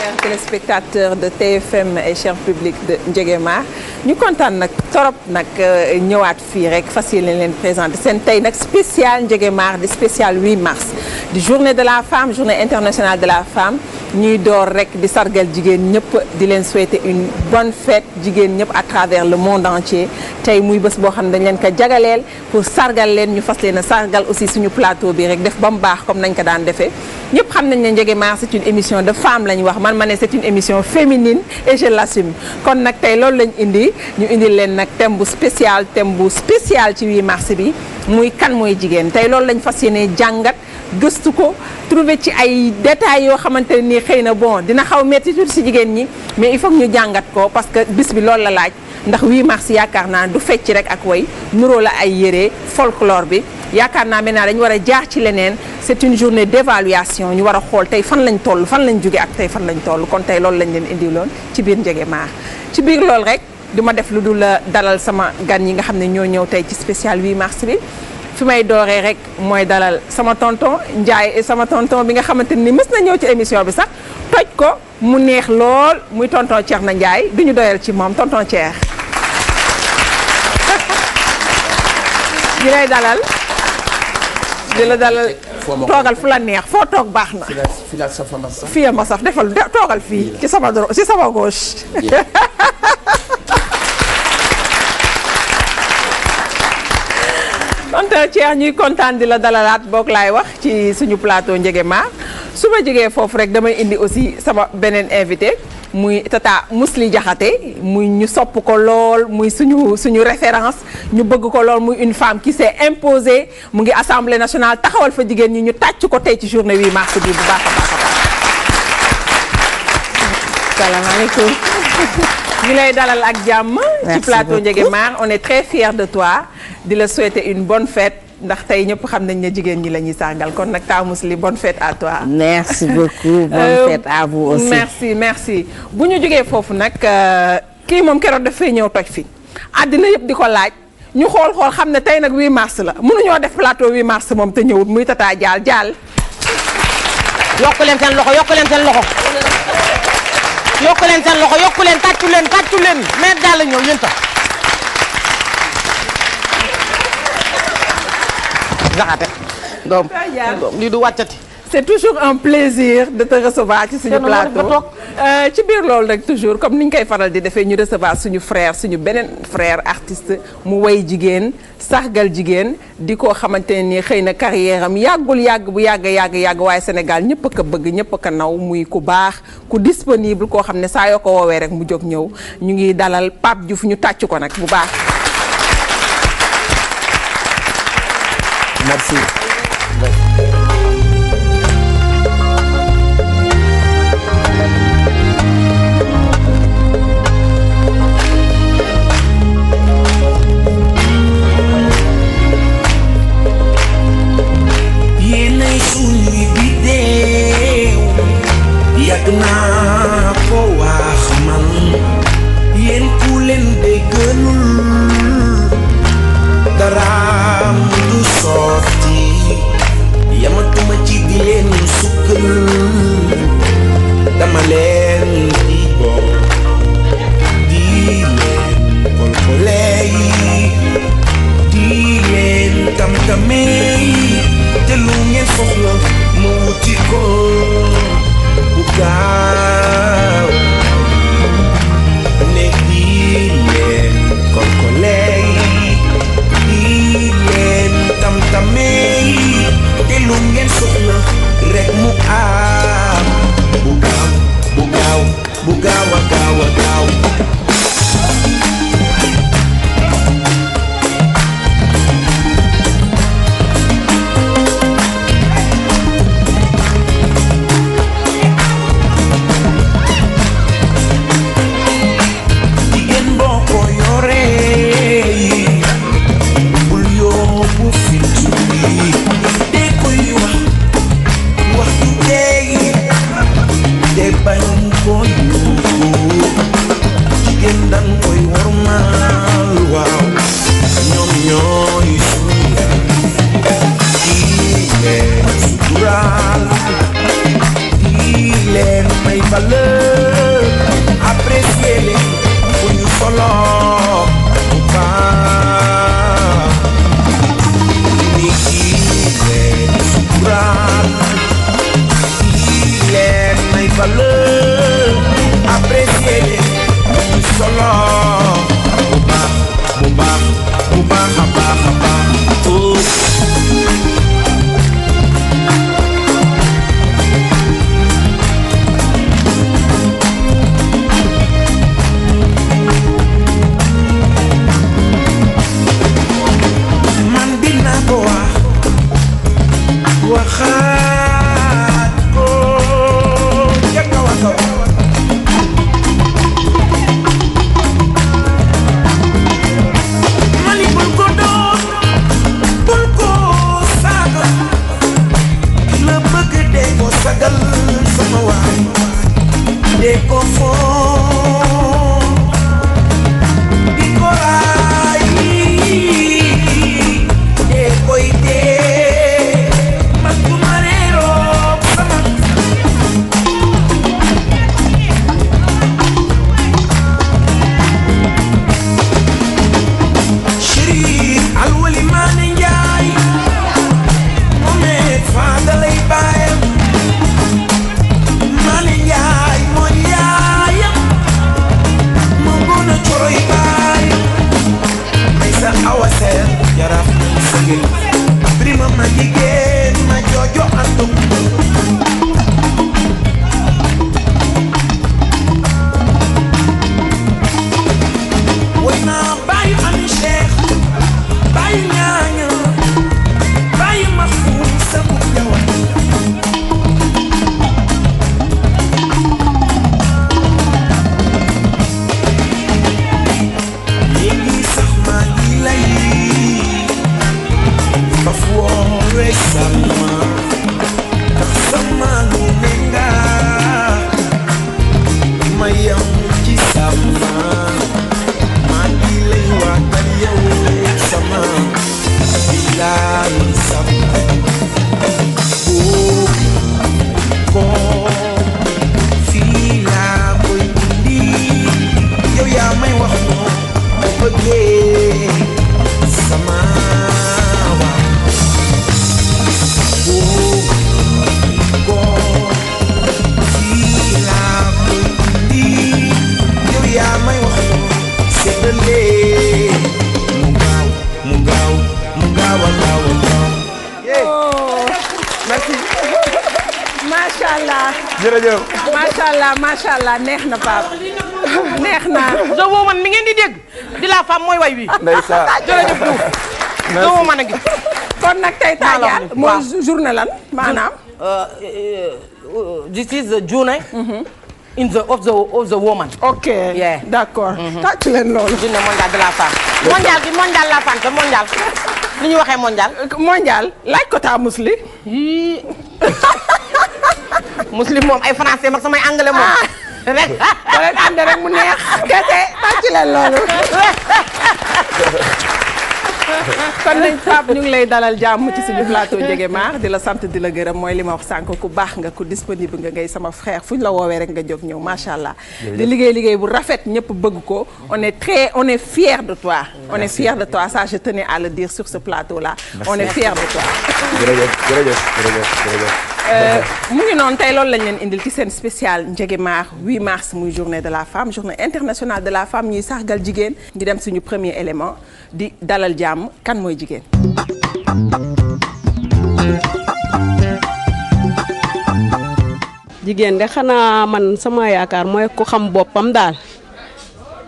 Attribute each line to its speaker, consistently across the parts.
Speaker 1: chers téléspectateurs de TFM et cher public de Njegema ñu kontaan nag torop nag euh, ñëwaat fii rek fas yéene leen présenter seen tey nag spécial Njegema di spécial 8 mars. di journée de la femme journée internationale de la femme ñuy door rek di sargal jigéen ñëpp di leen souhaiter une bonne fête jigéen ñëpp à travers le monde entier tey muy bés boo xam ne dañ leen ko jagaleel pour sargal leen ñu fas leen a sargal aussi suñu plateau bi rek def ba mu baax comme nañ ko daan defee ñëpp xam nañ ne njege Maar c'est une émission de femme la ñu wax man ma ne c'est une émission féminine et je l'assume kon nag tey loolu lañ indi ñu indi leen nag thème bu spécial thème bu spécial ci 8 mars bi muy kan mooy jigéen tey loolu lañ fas yéene jàngat gëstu ko trouver ci ay détails yoo xamante ne nii xëy na bon dina xaw metti tuuti si jigéen ñi mais il faut ñu jàngat ko parce que bis bi loolu la laaj ndax 8 mars yaakaar naa du fecc rek ak woy nuroo la ay yére folklore bi yaakaar naa maintenant dañu war a jaar ci leneen c'est une journée d'évaluation ñu war a xool tey fan lañ toll fan lañ jóge ak tey fan lañ toll kon tey loolu lañ leen indiloon ci biir Njëgëmaar ci biir loolu rek duma def lu dul euh, dalal sama gan yi nga xam ne ñoo ñëw tey ci spécial 8 mars bi su may dooree rek mooy dalal sama tonton Ndiaye sama tonton bi nga xamante ni mës na ñëw ci émission bi sax toj ko mu neex lool muy tonton Cheikhna Ndiaye du ñu doyal ci maam tonton Cheikh. di lay dalal di la dalal. toogal fu la neex foo toog baax na. fii la a sax defal toogal fii ci sama droite ci sama gauche. Cheikh ñuy kontaan di la dalalaat boog laay wax ci suñu plateau Njegema su ma jógee foofu rek damay indi aussi sama beneen invité muy tata Mously jaxate muy ñu sopp ko lool muy suñu suñu référence ñu bëgg ko lool muy une femme qui s'est imposée mu ngi assemblée nationale taxawal fa jigéen ñi ñu tàcc ko tey ci journée 8 mars bi bu baax a baax a baax. salaamaaleykum. ñu lay dalal ak jàmm. ci plateau Njegema on est très fiers de toi. di la souhaiter une bonne fête ndax tey ñëpp xam nañ ne jigéen ñi lañuy ñuy sàngal kon nag Taamu Mously bon fête à toi. merci
Speaker 2: beaucoup bonne euh, fête à
Speaker 1: merci bu ñu jógee foofu nag euh, kii moom keroog daf fay ñëw toj fi àddina yëpp di ko laaj. ñu xool xool xam ne tey nag 8 mars la mënuñoo def plateau 8 mars moom te ñëwut muy tata jaal jaal. yokk leen seen loxo yokk leen
Speaker 3: tàccu leen tàccu leen mais daal la ñëw yéen jaxate donc lii du wàccati c'est toujours un plaisir de te
Speaker 1: recevoir ci suñu plateau euh, ci biir loolu rek toujours comme ni ñu koy faral di defee ñu recevoir suñu frère suñu beneen frère artiste mu way jigéen sargal jigéen di ko xamante ne nii xëy na carrière am yàggul yàgg bu yàgg yàgg yàgg waaye Sénégal ñëpp a bëgg ñëpp a naw muy ku baax ku disponible koo xam ne saa yoo ko woowee rek mu jóg ñëw ñu ngi dalal Pape Diouf ñu tàcc ko nag bu baax. Merci.
Speaker 4: valeur
Speaker 5: jërëjëf.
Speaker 1: macha allah neex na Pape neex na. The Woman mi ngeen di dégg di la femme mooy way wi. ndeysaan jërëjëf Diouf. merci The Woman a ngi. kon nag
Speaker 3: tey taajaat mooy journée lan maanaam. Uh, uh, uh, this is the journée. Mm-hmm. in the of the the woman. ok yeah. d' accord. Mm-hmm. tàcc leen loolu. journée mondiale de la femme. mondial bi mondial la femme te mondial. li ñu waxee mondial. mondial laaj ko taa musli. muslim moom ay français mag samay anglais moom. Ah. rek ba leen ànd mu neex. kese tàcc leen loolu.
Speaker 1: kon nañ Pape ñu ngi lay dalal jàmm ci suñu plateau Njëgëmaar di la sant di la gërëm mooy li ma wax sànq ku baax nga ku disponible nga ngay sama frère fu ñu la woowee rek nga jóg ñëw macha allah. di liggéey liggéey bu rafet ñëpp bëgg ko mm-hmm. on est très on est fier de toi. on est fier de toi ça je tenais à le dire sur ce plateau là. on est fier de toi. Euh, mu ngi noonu tey loolu lañ leen indil ci seen spécial Njëgëmar 8 mars muy journée de la femme journée internationale de la femme ñuy sargal jigéen ngi dem suñu premier élément di dalal jàmm kan mooy jigéen.
Speaker 3: jigéen de xanaa man sama yaakaar mooy ku xam boppam daal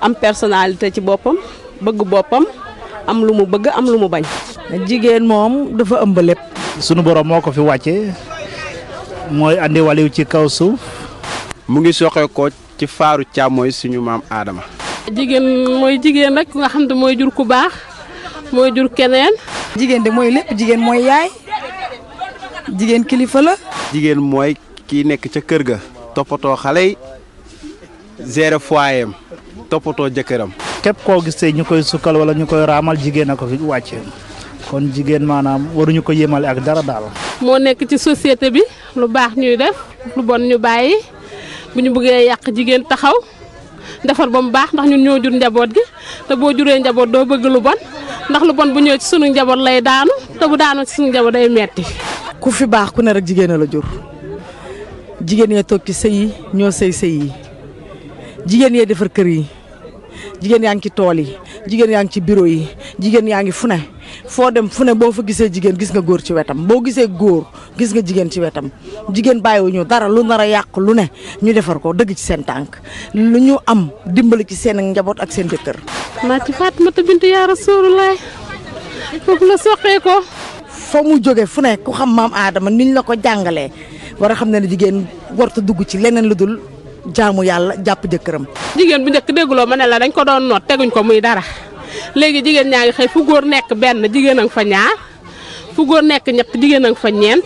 Speaker 3: am personnalité ci boppam bëgg boppam am lu mu bëgg am lu mu bañ. jigéen moom dafa ëmb lépp. sunu borom moo ko fi wàcce mooy andi waliw ci kaw suuf.
Speaker 4: mu ngi soxe ko ci faaru càmmooy suñu maam Aadama.
Speaker 3: jigéen mooy jigéen rek nga xam ne mooy jur ku baax mooy jur keneen. jigéen di mooy lépp jigéen mooy yaay jigéen kilifa la.
Speaker 4: jigéen mooy kii nekk ca kër ga toppatoo xale yi gérer foyer am toppatoo jëkkëram.
Speaker 5: képp koo gisee ñu koy sukkal wala ñu koy raamal jigéen a ko fi wàcce kon jigéen maanaam waruñu ko yéemale ak dara daal.
Speaker 3: moo nekk ci société bi lu baax ñuy def lu bon ñu bàyyi bu ñu bëggee yàq jigéen taxaw defar ba mu baax ndax ñu ñoo jur njaboot gi te boo juree njaboot doo bëgg lu bon ndax lu bon bu ñëw ci sunu njaboot lay daanu te bu daanu ci sunu njaboot day metti ku fi baax ku ne rek jigéen a la jur jigéen yee toog ci sëy yi ñoo sëy sëy yi jigéen yee defar kër yi jigéen yaa ngi ci tool yi jigéen yaa ngi ci bureau yi jigéen yaa ngi fu ne foo dem fu ne boo fa gisee jigéen gis nga góor ci wetam boo gisee góor gis nga jigéen ci wetam jigéen bàyyiwuñu dara lu nar a yàq lu ne ñu defar ko dëgg ci seen tànk lu ñu am dimbali ci seen njaboot ak seen jëkkër. maa ci Fatimata bintu yaa Rasulullah foofu la soqee ko. fa mu jóge fu ne ku xam maam aadama niñ la ko jàngalee war a xam ne jigéen warta dugg ci leneen la dul jaamu yàlla jàpp jëkkëram. jigéen bu njëkk dégguloo ma ne la dañ ko doon noot teguñ ko muy dara. léegi jigéen ñaa ngi xëy fu góor nekk benn jigéen a nga fa ñaar fu góor nekk ñett jigéen a nga fa ñeent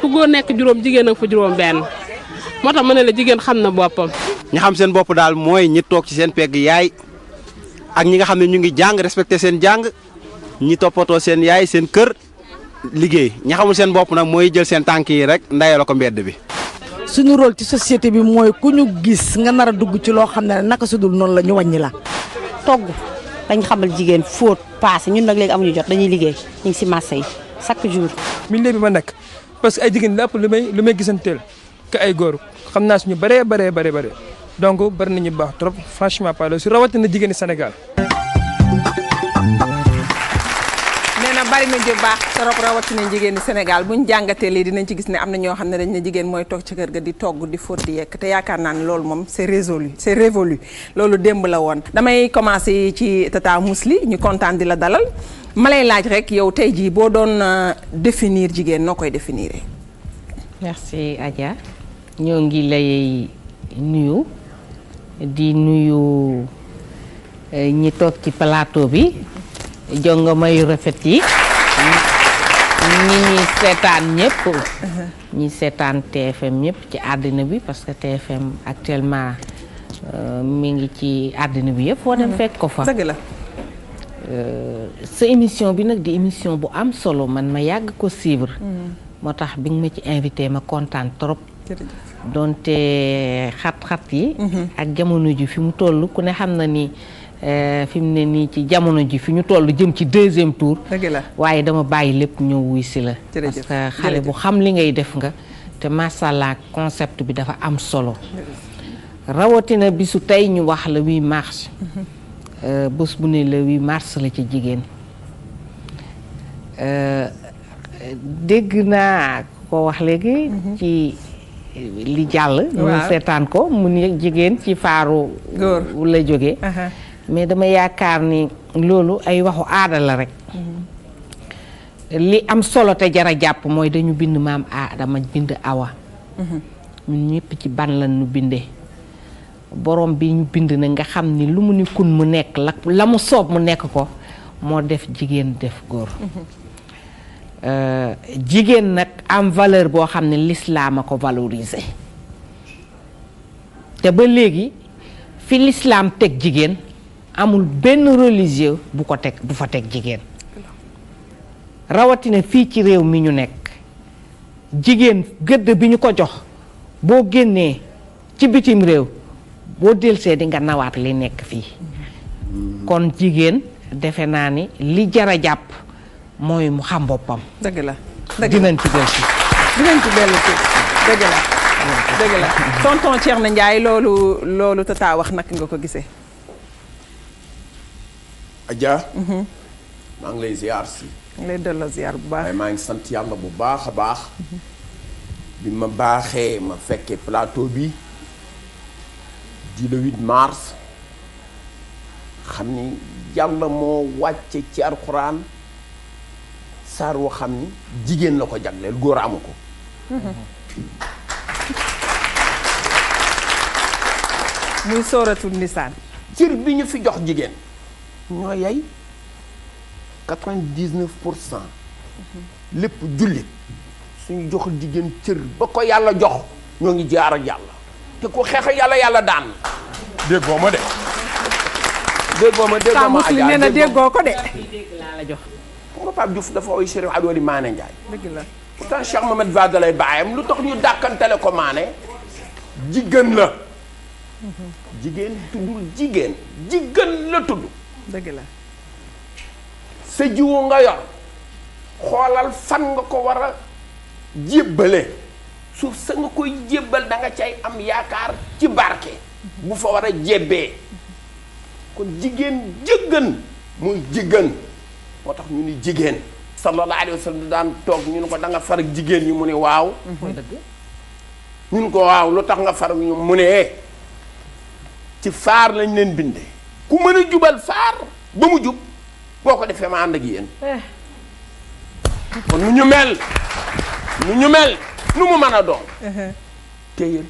Speaker 3: fu góor nekk juróom jigéen a nga fa juróom benn moo tax ne la jigéen xam na boppam.
Speaker 4: ñi xam seen bopp daal mooy ñi toog ci seen pegg yaay ak ñi nga xam ne ñu ngi jàng respecté seen jàng ñi toppatoo seen yaay seen kër liggéey ñi xamul seen bopp nag mooy jël seen tànk yi rek ndayee la ko mbedd bi.
Speaker 3: suñu rôle ci société bi mooy ku ñu gis nga nar a dugg ci loo xam ne naka su noonu la wàññi la togg. dañ xamal jigéen fóot paase ñun nag léegi amuñu jot dañuy liggéey ñu ngi si marché yi chaque jour. milieu bi ma nekk parce que ay jigéen lépp lu may lu may gisanteel que ay góor xam naa suñu bëree bare bëri bëri donc bari nañu baax trop franchement parler su rawatina jigéeni senegal
Speaker 1: bari na ju baax trop rawatina jigéen ñi Sénégal buñ jàngatee lii dinañ ci gis ne am na ñoo xam ne dañ ne jigéen mooy toog ci kër ga di togg di fóot di yekk te yaakaar naa ne loolu moom c'est résolu c'est révolu loolu démb la woon damay commencer ci tata Mously ñu kontaan di la dalal malay laaj rek yow tey jii boo doon euh, définir jigéen
Speaker 2: noo koy définir. merci Adja ñoo ngi lay nuyu di nuyu euh, ñi toog ci plateau bi jongoma rafet yi ñi ñuy seetaan ñëpp ñi seetaan TFM ñëpp ci àddina bi parce que TFM actuellement euh, mi ngi ci àddina bi yëpp foo dem mhm. fekk ko fa dëgg la euh, sa émission bi nag di émission bu am solo man ma yàgg ko suivre mhm. moo tax bi ma ci invité ma kontaan trop doonte xat-xat yi mhm. ak jamono ji fi mu toll ku ne xam na ni Eh, fi mu ne nii ci jamono ji fi ñu toll jëm ci deuxième tour. dëgg la waaye dama bàyyi lépp ñëw wuy si la. parce xale bu xam li ngay def nga. te masala concept bi dafa am solo. rawatina bisu tey ñu wax la 8 mars. Mhm. Eh, bés bu ne la wi mars la ci jigéen. Eh, dégg naa ko wax léegi. Mhm. ci li jàll. ñu seetaan ko mu ne jigéen ci faaru. la jóge mais dama yaakaar ni loolu ay waxu aada la rek li am solo te jara jàpp mooy dañu bind maam aadama bind awa ñun ñëpp ci ban la ñu bindee borom bi ñu bind na nga xam ni lu mu ni kun mu nekk la la mu soob mu nekk ko moo def jigéen def góor euh, jigéen nag am valeur boo xam ne lislaam a ko valoriser te ba léegi fi lislaam teg jigéen amul benn religieux bu ko teg bu fa teg jigéen rawatina fii ci réew mi ñu nekk jigéen gëdd bi ñu ko jox boo génnee ci bitim réew boo delsee di nga nawaat li nekk fii kon jigéen defe naa ni li jara jàpp mooy mu xam boppam dëgg la dinañ ci delsi
Speaker 1: dinañ ci delsi dëgg la dëgg la tonton Thierno Ndiaye loolu loolu tata wax nag nga ko gisee
Speaker 4: Adja. maa ngi lay ziar si. bu baax maa ngi sant yàlla bu baax a baax. bi ma baaxee ma fekkee plateau bi di le mars xam ni yàlla moo wàcce ci alxuraan saar woo xam ni jigéen la ko jagleel góor amu ko.
Speaker 1: muy sóoratu nisaan. cër bi ñu fi jox jigéen.
Speaker 4: ñoo yay quatre pour lépp jullit suñu jox jigéen cër ba ko yàlla jox ñoo ngi jaar ak yàlla te ku xeex yàlla yàlla daan déggoo ma de déggoo ma déggoo ma déggoo ko de jox pour nga Pape Diouf dafa oy Chérif Adoli Mané Ndiaye dëgg la pourtant Cheikh Mohamed Vadalay baayam lu tax ñu dàkkantele ko Mané jigéen la mhm. jigéen tuddul jigéen jigéen la tudd dëgg la sa jiwu nga yor xoolal fan nga ko war a jébbale suuf sa nga koy jébbal danga nga cay am yaakaar ci barke bu fa war a jébbee kon jigéen jëggan mu jigéen moo tax ñu ni jigéen sallallahu alayhi wa daan toog ñu ne ko danga far ak jigéen ñi mu ne waaw
Speaker 2: mooy dëgg
Speaker 4: ko waaw lu tax nga far ak ñu mu ne eh. ci faar lañ leen bindee ku mën a jubal faar ba mu jub boo ko defee ma ànd ak yéen eh. kon nu ñu mel nu ñu mel nu mu mën a doon eh. téyel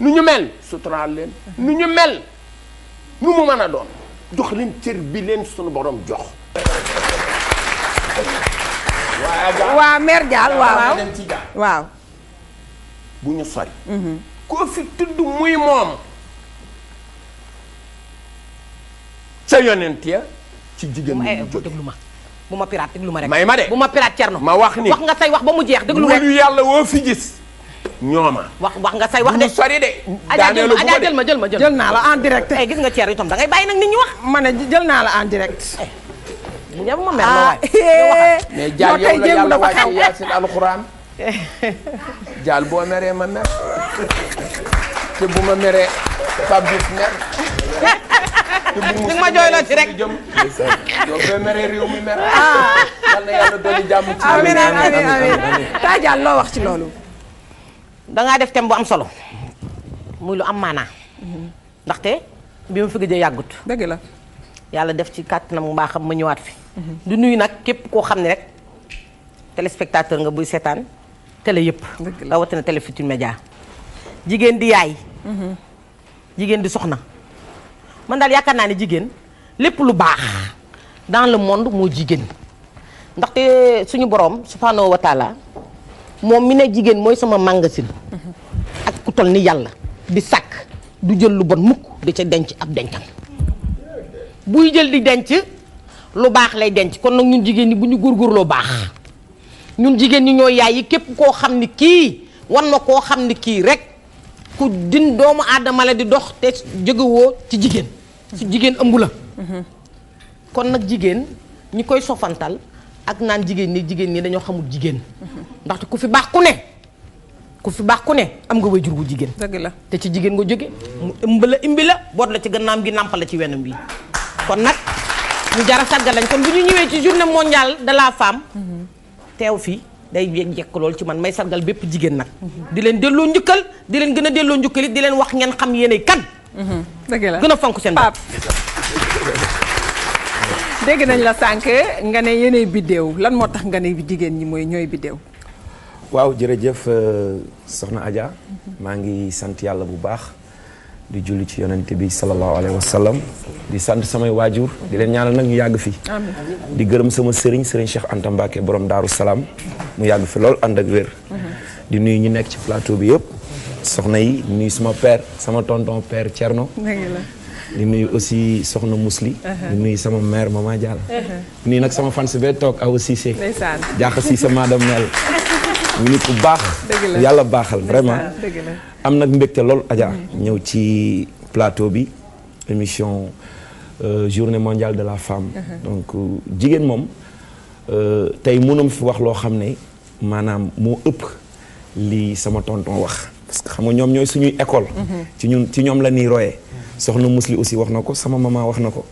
Speaker 4: nu ñu mel suturaal leen eh. nu ñu mel nu mu mën a doon jox leen cër bi leen sunu borom jox
Speaker 1: waaw mère Dial waaw
Speaker 4: bu ñu sori mhm.
Speaker 1: koo fi
Speaker 3: muy moom sa yonent ya ci jigéen eh, ñi bu déglu ma bu ma piraat déglu ma rek may ma de bu ma piraat cerno ma wax ni wax nga say wax ba mu jeex déglu rek
Speaker 4: yàlla woo fi gis ñooma
Speaker 3: wax wax nga say wax de sori de daaneelu bu ma jël ma jël naa la en direct eh, gis nga ceer itam da ngay bàyyi nag nit ñu wax ma ne jël naa la en direct eh,
Speaker 1: bu ñëw ma mel la ah. waay mais jaal yow la
Speaker 4: yàlla boo meree ma mer te bu ma meree Pape mer.
Speaker 3: te bu mu ma rek yow koy meree ah. loo wax ci loolu. da def thème bu am solo. muy lu am maanaa. ndaxte bi ma fi gëj yàggut. la. yàlla def ci kàttanam bu baaxam ma ñëwaat fi. du nuyu nag képp koo xam ne rek téléspectateur nga buy seetaan télé yëpp. dëgg la rawatina Télé Futurs jigéen di yaay. jigéen di soxna man daal yaakaar naa ne jigéen lépp lu baax dans le monde moo jigéen ndaxte suñu boroom subhanahu wa moom mi ne jigéen mooy sama magasin ak ku toll ni yàlla di sàkk du jël lu bon mukk di ca denc ab dencam buy jël di denc lu baax lay denc kon nag ñun jigéen ñi bu ñu góor góorgóorloo baax ñun jigéen ñi ñooy yaay yi képp koo xam ni kii wan na koo xam ni kii rek ku din doomu aadama la di dox te jógewoo ci jigéen su jigéen ëmb la kon nag jigéen ñi koy sofantal ak naan jigéen ñi jigéen ñi dañoo xamul jigéen ndaxte ku fi baax ku ne ku fi baax ku ne am nga wajur wu jigéen dëgg la te ci jigéen nga jóge mu ëmb la imbi la boot la ci gannaam gi nàmpa la ci wenam wi kon nag ñu jara sargal lañ kon bu ñu ñëwee ci journée mondiale de la femme teew fii day yekk loolu ci man may sargal bépp jigéen nag. di leen delloo njukkal di leen gën a delloo njukkal it di leen wax ngeen xam yéenay kan. dëgg la gën a fonk seen bopp
Speaker 1: dégg nañ la sànq nga ne yéenay biddéew lan moo tax nga ne jigéen ñi mooy ñooy biddéew.
Speaker 5: waaw jërëjëf euh, soxna Adja mhm. maa ngi sant yàlla bu baax. di julli ci yonente bi sallallahu alayhi di sant samay waajur di leen ñaanal nag ñu yàgg fi di gërëm sama sëriñ sëriñ Cheikh Anta Mbacke borom daaru salaam mu yàgg fi lool ànd ak wér mhm. di nuy ñu nekk ci plateau bi yëpp soxna yi di nuyu sama père sama tonton père Thierno di nuyu aussi soxna Mousli mhm. di nuyu sama mère Mama Diallo di mhm. nuyu nag sama fans bee toog Awa Cissé jaax Cissé madame Mel mu nit ku baax yàlla baaxal vraiment am nag mbégte lool Adja. ñëw ci plateau bi émission euh, journée mondial de la femme. Uh-huh. donc euh, jigéen moom euh, tey mënum fi wax loo xam ne maanaam moo ëpp li sama tonton wax parce xam nga ñoom ñooy suñuy école. Uh-huh. ci ñun ci ñoom la ñuy royee. Uh-huh. soxna Musli aussi wax na ko sama maman wax na ko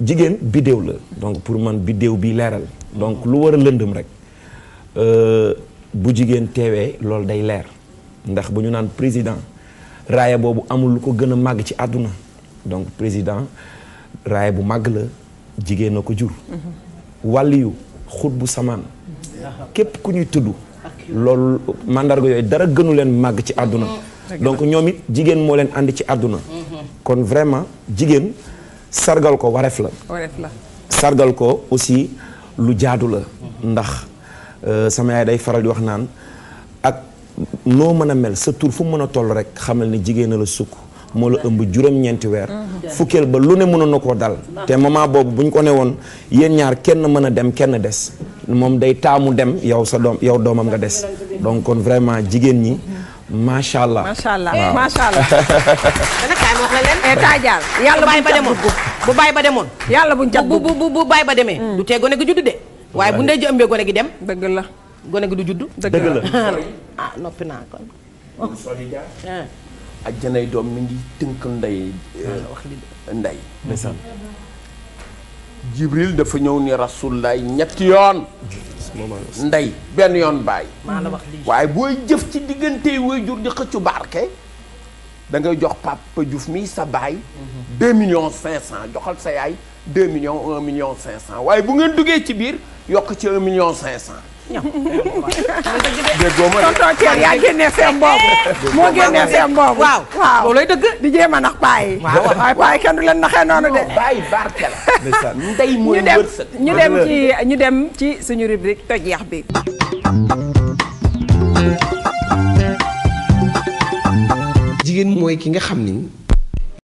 Speaker 5: jigéen biddéew la donc pour man biddéew bi leeral donc lu war a lëndëm rek bu jigéen teewee loolu day leer. ndax bu ñu naan président raaya boobu amul lu ko gën a màgg ci àdduna donc président raaya bu màgg la jigéen ko jur mhm. wàlliyu xut bu samaan
Speaker 4: mhm.
Speaker 5: képp ku ñuy tudd loolu mandarga yooyu dara gënu leen màgg ci àdduna oh, donc ñoom it jigéen moo leen àndi ci àdduna mhm. kon vraiment jigéen sargal ko wareef la sargal ko aussi lu jaadu la ndax euh, sama yaay day faral di wax naan ak noo mën a mel sa tur fu mën a toll rek xamal ne jigéen la sukk moo la ëmb juróom-ñeenti weer mm-hmm. fukkeel ba lu ne mënoon na koo dal te moment boobu bu ñu ko ne woon yéen ñaar kenn mën a dem kenn des moom day taamu dem yow sa doom yow doomam nga des donc kon vraiment jigéen ñi macha allah
Speaker 3: macha allah macha allah.
Speaker 5: dana
Speaker 3: kaay ma wax la eh, taajaal yàlla buñ ca bu bàyyi ba demoon. yàlla bu bu bu bàyyi ba demee. Mm. du tee gone gi judd de. waaye bu ndey ji ëmbee gone gi dem. dëgg la. gone gi du juddu. dëgg la ah noppi naa kon. ak ah.
Speaker 4: janay doom mi ngi tënk nday. Ah, euh, wax li Jibril dafa ñëw ni Rasulullah ñetti yoon. nday benn yoon bàyyi. maa waaye booy jëf ci diggante waajur di xëccu barke. da ngay jox Papa Diouf mi sa baay. million mhm. millions 500 joxal sa yaay 2 millions 1 million 500 waaye bu ngeen duggee ci biir yokk ci 1 million 500.
Speaker 3: ñam déggoo ma de tonton Thiel yaa
Speaker 1: génnee seen boobu moo génnee seen boobu waaw waaw loolay dëgg di jéem a nax paay waaw waaye kenn du leen naxee noonu
Speaker 5: de ñu dem
Speaker 1: ñu dem ci suñu rubrique toj yax bi
Speaker 2: jigéen mooy ki nga xam ni